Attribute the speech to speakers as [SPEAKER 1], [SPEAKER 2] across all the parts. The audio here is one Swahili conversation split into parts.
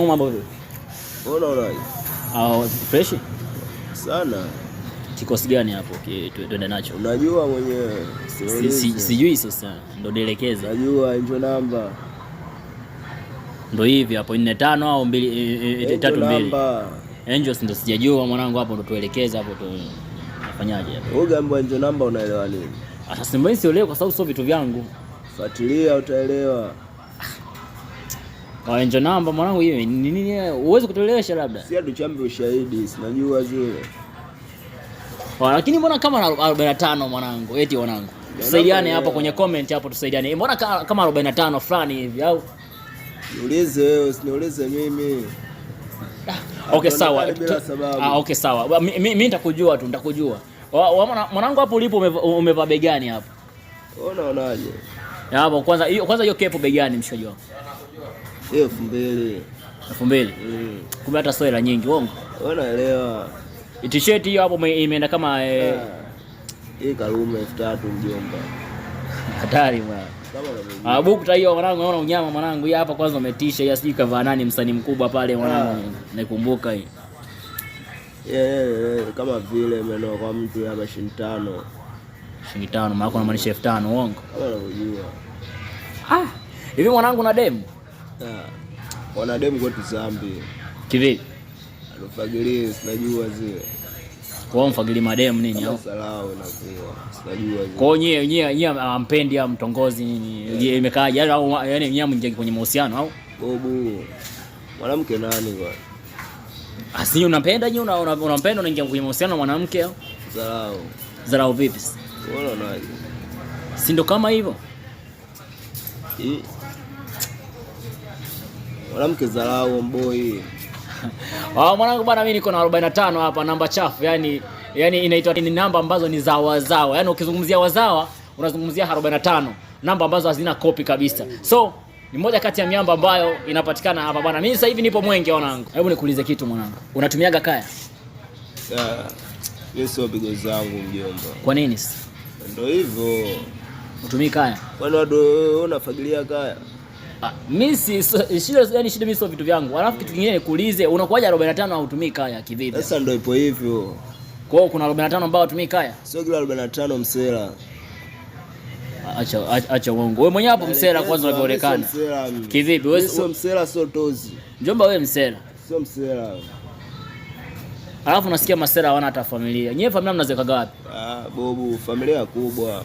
[SPEAKER 1] Mambo vipi? Ah, fresh? Sana. Kikosi gani hapo? Twende nacho.
[SPEAKER 2] Unajua mwenyewe.
[SPEAKER 1] Sijui sasa. Ndio nielekeze.
[SPEAKER 2] Unajua hiyo namba.
[SPEAKER 1] Ndio hivi hapo 45 au 2 32. E, e, e, Angels ndio sijajua mwanangu hapo, ndio tuelekeze hapo tu. Nafanyaje hapo?
[SPEAKER 2] Wewe gamba hiyo namba unaelewa nini?
[SPEAKER 1] Sasa sielewi kwa sababu sio vitu vyangu.
[SPEAKER 2] Fuatilia utaelewa.
[SPEAKER 1] Kawenjo ah, namba mwanangu, hiyo ni nini? Uweze kutuelewesha labda.
[SPEAKER 2] Si adu chambe ushahidi, sinajua zile.
[SPEAKER 1] Ah, lakini mbona kama 45 mwanangu, eti mwanangu. Tusaidiane hapa kwenye comment hapo tusaidiane. Mbona kama 45 fulani hivi au?
[SPEAKER 2] Niulize wewe, usiniulize mimi.
[SPEAKER 1] Ah, okay sawa. Ah, okay sawa. Mimi nitakujua tu, nitakujua. Mwanangu hapo ulipo umevaa bega gani hapo.
[SPEAKER 2] Unaonaje?
[SPEAKER 1] Hapo kwanza hiyo kwanza hiyo kepo begani mshojo. wangu
[SPEAKER 2] elfu mbili
[SPEAKER 1] elfu mbili mm. Kumbe hata sio hela nyingi, uongo.
[SPEAKER 2] Unaelewa,
[SPEAKER 1] t-shirt hiyo hapo imeenda kama eh... Ah.
[SPEAKER 2] hii karume elfu tatu mjomba,
[SPEAKER 1] hatari mwana Ah, bukta hiyo mwanangu, naona unyama mwanangu. Hii hapa kwanza umetisha ya sijui kavaa nani, msanii mkubwa pale mwanangu, ah. naikumbuka hii
[SPEAKER 2] yeah, yeah, yeah. Kama vile meno kwa mtu ya shilingi tano,
[SPEAKER 1] shilingi tano maana unamaanisha elfu tano uongo.
[SPEAKER 2] Kama unavyojua
[SPEAKER 1] ah, hivi mwanangu na demu
[SPEAKER 2] wanademu kwetu zambi kivipi? Atufagilie, sinajua zile
[SPEAKER 1] kwa mfagilie mademu nini au
[SPEAKER 2] salau inakuwa sinajua zile kwao. Nyie nyie nyie ampendi au mtongozi nini, imekaaje? Yani au yani nyie mnjaki kwenye mahusiano au bobu mwanamke nani kwa asi, ah, unampenda nyie, unampenda unaingia kwenye mahusiano na mwanamke au zarau? Zarau vipi? Wewe unaonaje? Si ndo kama hivyo wala mke dharau mboi. Ah, mwanangu bwana, mimi niko na 45 hapa namba chafu, yani yani inaitwa ni namba ambazo ni za wazawa. Yani ukizungumzia wazawa unazungumzia 45, namba ambazo hazina kopi kabisa. So ni moja kati ya miamba ambayo inapatikana hapa bwana. Mimi sasa hivi nipo Mwenge mwanangu. Hebu nikuulize kitu mwanangu, unatumiaga kaya? Mimi sio bigo zangu mjomba. Kwa nini sasa? Ndio hivyo. Utumii kaya? Kwani wado unafagilia kaya? Mimi ah, si shida, yani shida mimi sio vitu vyangu. Alafu kitu kingine nikuulize, unakuwaje 45 hautumii kaya kivipi? Sasa ndio ipo hivyo. Kwa hiyo kuna 45 ambao hutumii kaya? Sio kila 45 msela. Acha acha uongo. Wewe mwenyewe hapo msela kwanza unavyoonekana. Kivipi? Wewe sio msela, sio tozi. Njomba wewe msela. Sio msela. Alafu nasikia masela hawana hata familia. Nyewe familia mnazekaga gapi? Ah, bobu, familia kubwa.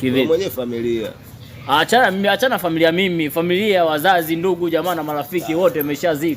[SPEAKER 2] Kivipi? Mwenye familia. Achana achana familia, mimi familia, ya wazazi, ndugu, jamaa na marafiki wote wameshazika.